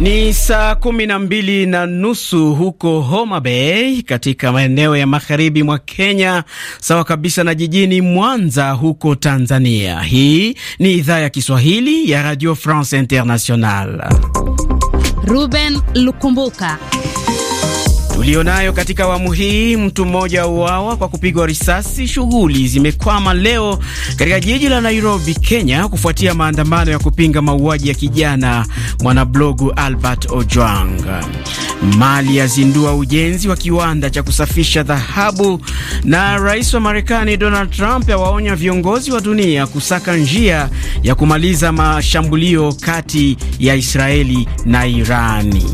Ni saa kumi na mbili na nusu huko Homa Bay katika maeneo ya magharibi mwa Kenya, sawa kabisa na jijini Mwanza huko Tanzania. Hii ni idhaa ya Kiswahili ya Radio France International. Ruben Lukumbuka tulionayo katika awamu hii. Mtu mmoja uawa kwa kupigwa risasi. Shughuli zimekwama leo katika jiji la Nairobi, Kenya, kufuatia maandamano ya kupinga mauaji ya kijana mwanablogu Albert Ojwang. Mali yazindua ujenzi wa kiwanda cha kusafisha dhahabu, na rais wa Marekani Donald Trump awaonya viongozi wa dunia kusaka njia ya kumaliza mashambulio kati ya Israeli na Irani.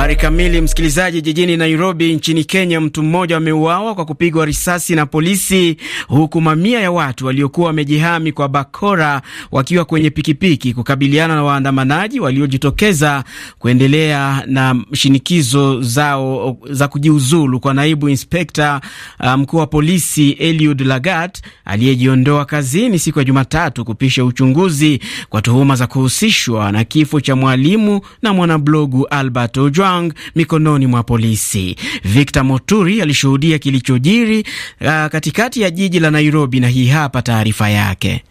Habari kamili, msikilizaji. Jijini Nairobi nchini Kenya, mtu mmoja ameuawa kwa kupigwa risasi na polisi, huku mamia ya watu waliokuwa wamejihami kwa bakora wakiwa kwenye pikipiki kukabiliana na waandamanaji waliojitokeza kuendelea na shinikizo zao za kujiuzulu kwa naibu inspekta uh, mkuu um, wa polisi Eliud Lagat aliyejiondoa kazini siku ya Jumatatu kupisha uchunguzi kwa tuhuma za kuhusishwa na kifo cha mwalimu na mwanablogu Albert Ojwa Kupang mikononi mwa polisi. Victor Moturi alishuhudia kilichojiri uh, katikati ya jiji la Nairobi na hii hapa taarifa yake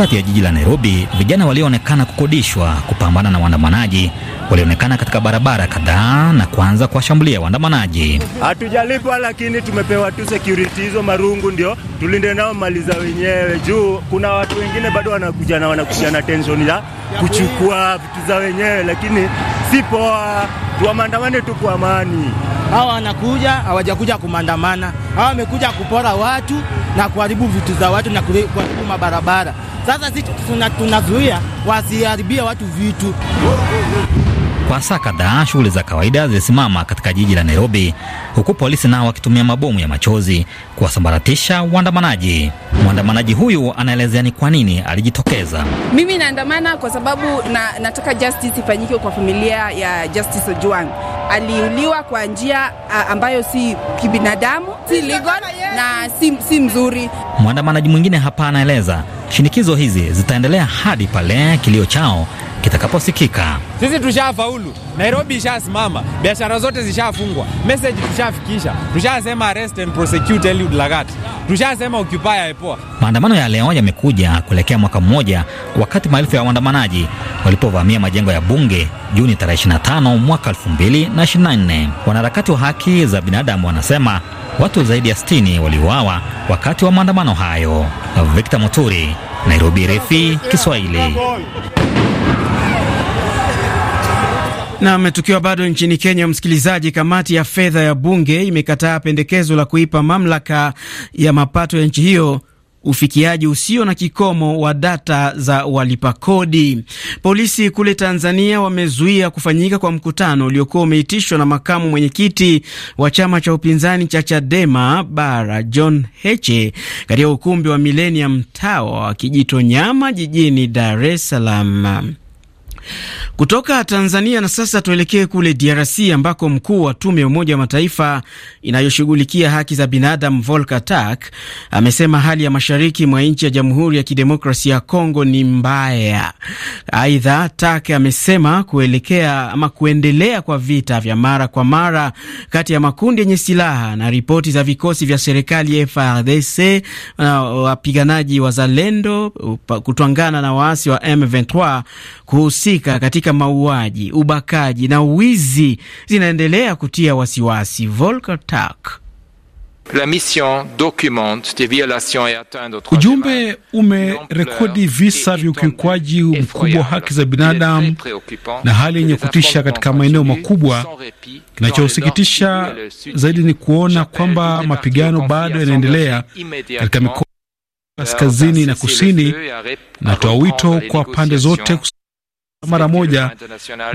katikati ya jiji la Nairobi, vijana walioonekana kukodishwa kupambana na waandamanaji walionekana katika barabara kadhaa na kuanza kuwashambulia waandamanaji. Hatujalipwa, lakini tumepewa tu security hizo marungu, ndio tulinde nao mali za wenyewe, juu kuna watu wengine bado wanakuja na wanakuja na tension ya kuchukua vitu za wenyewe, lakini si poa, uh, tuwamandamane tu kwa amani. Hawa wanakuja hawajakuja kumandamana, hawa wamekuja kupora watu na kuharibu vitu za watu na kuharibu mabarabara. Sasa sisi tunazuia wasiharibie watu vitu kwa saa kadhaa shughuli za kawaida zilisimama katika jiji la Nairobi, huku polisi nao wakitumia mabomu ya machozi kuwasambaratisha waandamanaji. Mwandamanaji huyu anaelezea ni kwa nini alijitokeza. Mimi naandamana kwa sababu na, nataka justice ifanyike kwa familia ya Justice Ojwang. Aliuliwa kwa njia ambayo si kibinadamu, si legal na si, si mzuri. Mwandamanaji mwingine hapa anaeleza shinikizo hizi zitaendelea hadi pale kilio chao kitakaposikika. Sisi tushafaulu, Nairobi ishasimama, biashara zote zishafungwa, meseji tushafikisha, tushasema arrest and prosecute Eliud Lagat, tushasema occupy IPOA. Maandamano ya leo yamekuja kuelekea mwaka mmoja, wakati maelfu ya waandamanaji walipovamia majengo ya bunge Juni tarehe 25 mwaka 2024. Wanaharakati wa haki za binadamu wanasema watu zaidi ya 60 waliuawa wakati wa maandamano hayo. Victor Muturi, Nairobi, RFI Kiswahili. Nam, tukiwa bado nchini Kenya, msikilizaji, kamati ya fedha ya bunge imekataa pendekezo la kuipa mamlaka ya mapato ya nchi hiyo ufikiaji usio na kikomo wa data za walipa kodi. Polisi kule Tanzania wamezuia kufanyika kwa mkutano uliokuwa umeitishwa na makamu mwenyekiti wa chama cha upinzani cha Chadema bara John Heche katika ukumbi wa Millennium Tower wa nyama jijini Dar es Salaam. Kutoka Tanzania na sasa tuelekee kule DRC ambako mkuu wa tume ya Umoja wa Mataifa inayoshughulikia haki za binadamu Volker Turk amesema hali ya mashariki mwa nchi ya Jamhuri ya Kidemokrasia ya Kongo ni mbaya. Aidha, Turk amesema kuelekea ama kuendelea kwa vita vya mara kwa mara kati ya makundi yenye silaha na ripoti za vikosi vya serikali FARDC na wapiganaji wa Zalendo kutwangana na waasi wa M23 kuhusi zinazohusika katika mauaji, ubakaji na uwizi zinaendelea kutia wasiwasi. Volker Turk la mission documente des violations et atteintes aux droits ujumbe umerekodi visa vya ukiukwaji mkubwa wa haki za binadamu na hali yenye kutisha katika maeneo makubwa. Kinachosikitisha zaidi ni kuona kwamba mapigano bado yanaendelea katika mikoa kaskazini na kusini. Natoa wito kwa pande zote mara moja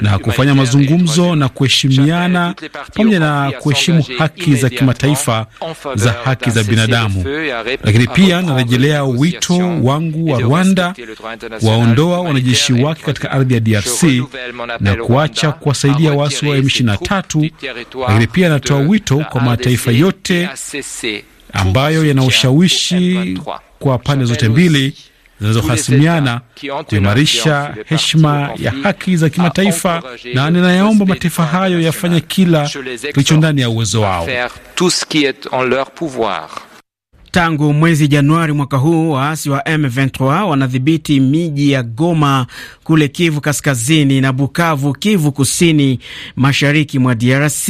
na kufanya mazungumzo na kuheshimiana pamoja na kuheshimu haki za kimataifa za haki za binadamu. Lakini pia narejelea wito wangu wa Rwanda waondoa wanajeshi wake katika ardhi ya DRC na kuacha kuwasaidia waasi wa M23. Lakini pia natoa wito kwa mataifa yote ambayo yana ushawishi kwa pande zote mbili zinazohasimiana kuimarisha heshima ya haki za kimataifa, na ninayaomba mataifa hayo yafanye kila kilicho ndani ya uwezo wao. Tangu mwezi Januari mwaka huu waasi wa M23 wanadhibiti miji ya Goma kule Kivu Kaskazini na Bukavu, Kivu Kusini, mashariki mwa DRC.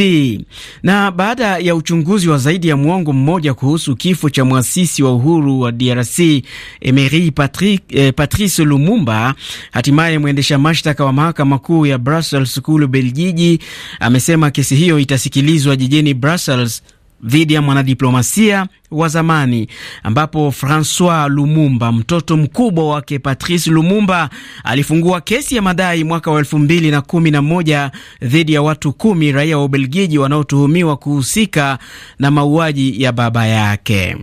Na baada ya uchunguzi wa zaidi ya mwongo mmoja kuhusu kifo cha mwasisi wa uhuru wa DRC Emery Patrice, eh, Patrice Lumumba, hatimaye mwendesha mashtaka wa mahakama kuu ya Brussels kule Belgiji amesema kesi hiyo itasikilizwa jijini Brussels dhidi ya mwanadiplomasia wa zamani ambapo Francois Lumumba, mtoto mkubwa wake Patrice Lumumba, alifungua kesi ya madai mwaka wa elfu mbili na kumi na moja dhidi ya watu kumi raia wa Ubelgiji wanaotuhumiwa kuhusika na mauaji ya baba yake.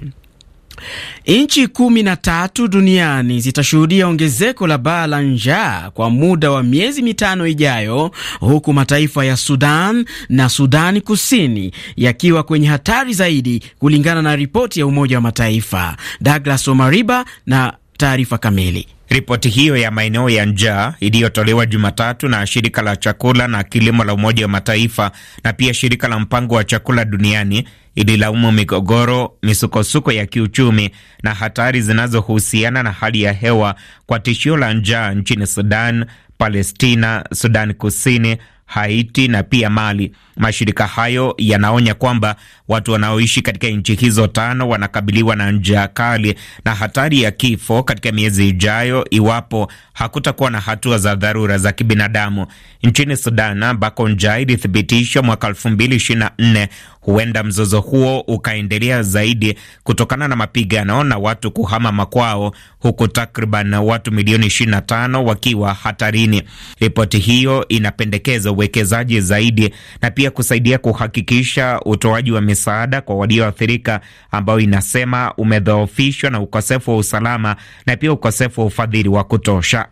Nchi kumi na tatu duniani zitashuhudia ongezeko la baa la njaa kwa muda wa miezi mitano ijayo, huku mataifa ya Sudan na Sudani Kusini yakiwa kwenye hatari zaidi, kulingana na ripoti ya Umoja wa Mataifa. Douglas Omariba na taarifa kamili. Ripoti hiyo ya maeneo ya njaa iliyotolewa Jumatatu na shirika la chakula na kilimo la Umoja wa Mataifa na pia shirika la mpango wa chakula duniani ililaumu migogoro, misukosuko ya kiuchumi na hatari zinazohusiana na hali ya hewa kwa tishio la njaa nchini Sudan, Palestina, Sudan Kusini, Haiti na pia Mali. Mashirika hayo yanaonya kwamba watu wanaoishi katika nchi hizo tano wanakabiliwa na njaa kali na hatari ya kifo katika miezi ijayo iwapo hakutakuwa na hatua za dharura za kibinadamu. Nchini Sudan ambako njaa ilithibitishwa mwaka 2024 huenda mzozo huo ukaendelea zaidi kutokana na mapigano na watu kuhama makwao, huku takriban watu milioni 25 wakiwa hatarini. Ripoti hiyo inapendekeza uwekezaji zaidi na pia kusaidia kuhakikisha utoaji wa misaada kwa walioathirika ambao inasema umedhoofishwa na ukosefu wa usalama na pia ukosefu wa ufadhili wa kutosha.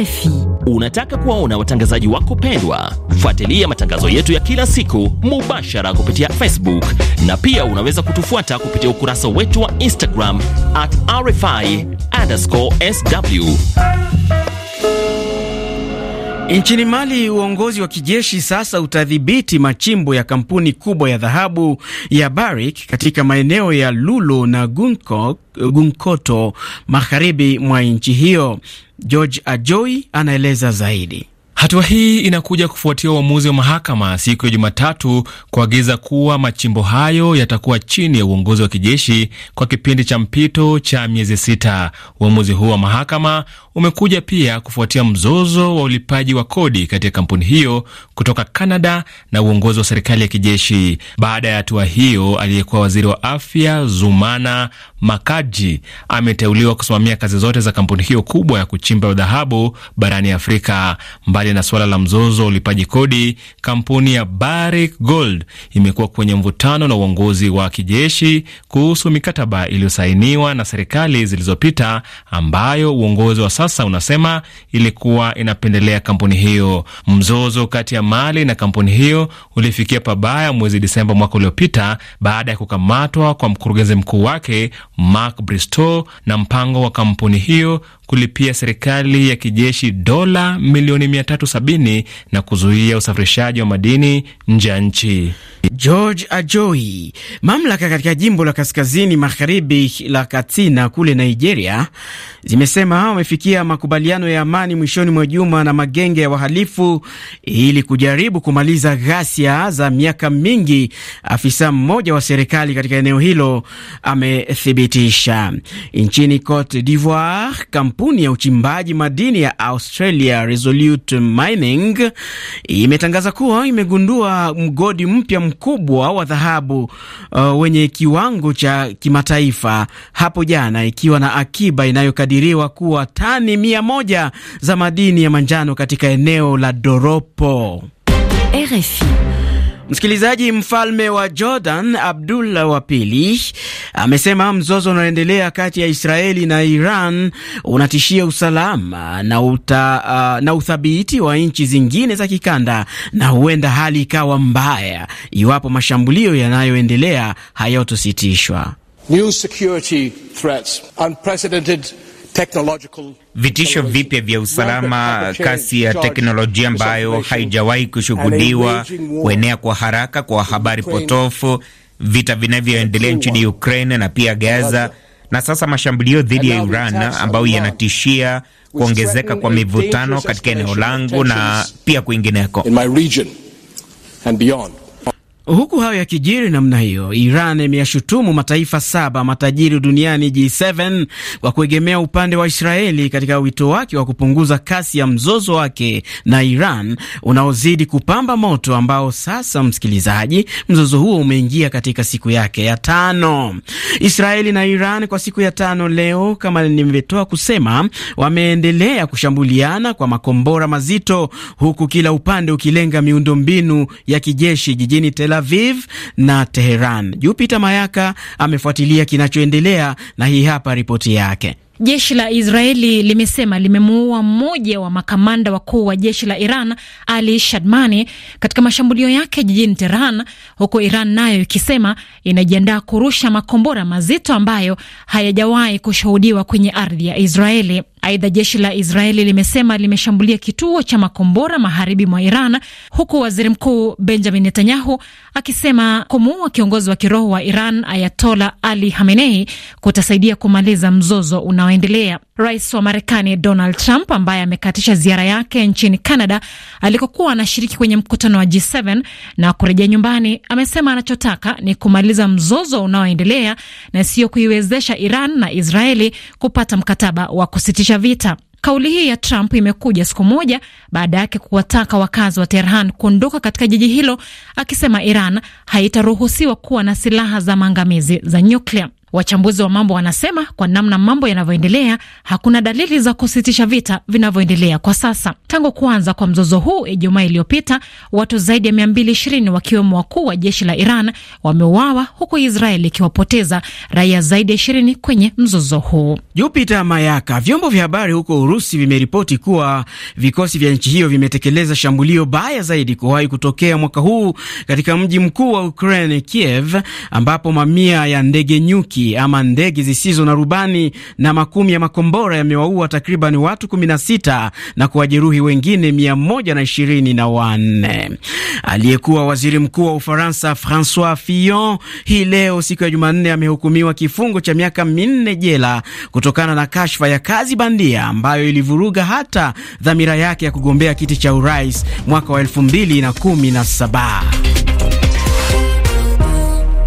RFI. Unataka kuwaona watangazaji wako pendwa? Fuatilia matangazo yetu ya kila siku mubashara kupitia Facebook na pia unaweza kutufuata kupitia ukurasa wetu wa Instagram at RFI_SW. Nchini Mali, uongozi wa kijeshi sasa utadhibiti machimbo ya kampuni kubwa ya dhahabu ya Barrick katika maeneo ya Lulo na Gunko, Gunkoto magharibi mwa nchi hiyo. George Ajoi anaeleza zaidi. Hatua hii inakuja kufuatia uamuzi wa mahakama siku ya Jumatatu kuagiza kuwa machimbo hayo yatakuwa chini ya uongozi wa kijeshi kwa kipindi cha mpito cha miezi sita. Uamuzi huu wa mahakama umekuja pia kufuatia mzozo wa ulipaji wa kodi kati ya kampuni hiyo kutoka Canada na uongozi wa serikali ya kijeshi. Baada ya hatua hiyo, aliyekuwa waziri wa afya Zumana Makaji ameteuliwa kusimamia kazi zote za kampuni hiyo kubwa ya kuchimba dhahabu barani Afrika. Mbali na suala la mzozo wa ulipaji kodi, kampuni ya Barrick Gold imekuwa kwenye mvutano na uongozi wa kijeshi kuhusu mikataba iliyosainiwa na serikali zilizopita ambayo uongozi wa sasa unasema ilikuwa inapendelea kampuni hiyo. Mzozo kati ya Mali na kampuni hiyo ulifikia pabaya mwezi Disemba mwaka uliopita baada ya kukamatwa kwa mkurugenzi mkuu wake Mark Bristow na mpango wa kampuni hiyo kulipia serikali ya kijeshi dola milioni 370 na kuzuia usafirishaji wa madini nje ya nchi. George Ajoi. Mamlaka katika jimbo la kaskazini magharibi la Katsina kule Nigeria zimesema wamefikia kufikia makubaliano ya amani mwishoni mwa juma na magenge ya wahalifu ili kujaribu kumaliza ghasia za miaka mingi, afisa mmoja wa serikali katika eneo hilo amethibitisha. Nchini Cote d'Ivoire, kampuni ya uchimbaji madini ya Australia Resolute Mining imetangaza kuwa imegundua mgodi mpya mkubwa wa dhahabu uh, wenye kiwango cha kimataifa hapo jana, ikiwa na akiba inayokadiriwa kuwa tani tani mia moja za madini ya manjano katika eneo la Doropo. RFI. Msikilizaji, mfalme wa Jordan Abdullah wa pili amesema mzozo unaoendelea kati ya Israeli na Iran unatishia usalama na, uta, uh, na uthabiti wa nchi zingine za kikanda na huenda hali ikawa mbaya iwapo mashambulio yanayoendelea hayatositishwa. New security threats unprecedented vitisho vipya vya usalama, kasi ya teknolojia ambayo haijawahi kushuhudiwa, kuenea kwa haraka kwa habari potofu, vita vinavyoendelea nchini Ukraine na pia Gaza, na sasa mashambulio dhidi ya Iran ambayo yanatishia kuongezeka kwa mivutano katika eneo langu na pia kwingineko. Huku hayo yakijiri namna hiyo, Iran imeyashutumu mataifa saba matajiri duniani G7 kwa kuegemea upande wa Israeli katika wito wake wa kupunguza kasi ya mzozo wake na Iran unaozidi kupamba moto, ambao sasa, msikilizaji, mzozo huo umeingia katika siku yake ya tano. Israeli na Iran kwa siku ya tano leo, kama nilivyotoa kusema, wameendelea kushambuliana kwa makombora mazito, huku kila upande ukilenga miundombinu ya kijeshi jijini Tel Tel Aviv na Teheran. Jupiter Mayaka amefuatilia kinachoendelea na hii hapa ripoti yake. Jeshi la Israeli limesema limemuua mmoja wa makamanda wakuu wa jeshi la Iran, Ali Shadmani, katika mashambulio yake jijini Tehran, huku Iran nayo ikisema inajiandaa kurusha makombora mazito ambayo hayajawahi kushuhudiwa kwenye ardhi ya Israeli. Aidha, jeshi la Israeli limesema limeshambulia kituo cha makombora magharibi mwa Iran, huku waziri mkuu Benjamin Netanyahu akisema kumuua kiongozi wa kiroho wa Iran Ayatola Ali Hamenei kutasaidia kumaliza mzozo una unaoendelea. Rais wa Marekani Donald Trump ambaye amekatisha ziara yake nchini Canada alikokuwa anashiriki kwenye mkutano wa G7 na kurejea nyumbani, amesema anachotaka ni kumaliza mzozo unaoendelea na siyo kuiwezesha Iran na Israeli kupata mkataba wa kusitisha vita. Kauli hii ya Trump imekuja siku moja baada yake kuwataka wakazi wa Tehran kuondoka katika jiji hilo, akisema Iran haitaruhusiwa kuwa na silaha za maangamizi za nyuklia. Wachambuzi wa mambo wanasema kwa namna mambo yanavyoendelea, hakuna dalili za kusitisha vita vinavyoendelea kwa sasa. Tangu kuanza kwa mzozo huu Ijumaa iliyopita, watu zaidi ya 220 wakiwemo wakuu wa jeshi la Iran wameuawa huku Israeli ikiwapoteza raia zaidi ya 20 kwenye mzozo huu. Jupita Mayaka. Vyombo vya habari huko Urusi vimeripoti kuwa vikosi vya nchi hiyo vimetekeleza shambulio baya zaidi kuwahi kutokea mwaka huu katika mji mkuu wa Ukraine, Kiev, ambapo mamia ya ndege nyuki Uturuki ama ndege zisizo na rubani na makumi ya makombora yamewaua takriban watu 16 na kuwajeruhi wengine 124. Aliyekuwa waziri mkuu wa Ufaransa Francois Fillon hii leo siku ya Jumanne amehukumiwa kifungo cha miaka minne jela kutokana na kashfa ya kazi bandia ambayo ilivuruga hata dhamira yake ya kugombea kiti cha urais mwaka wa 2017.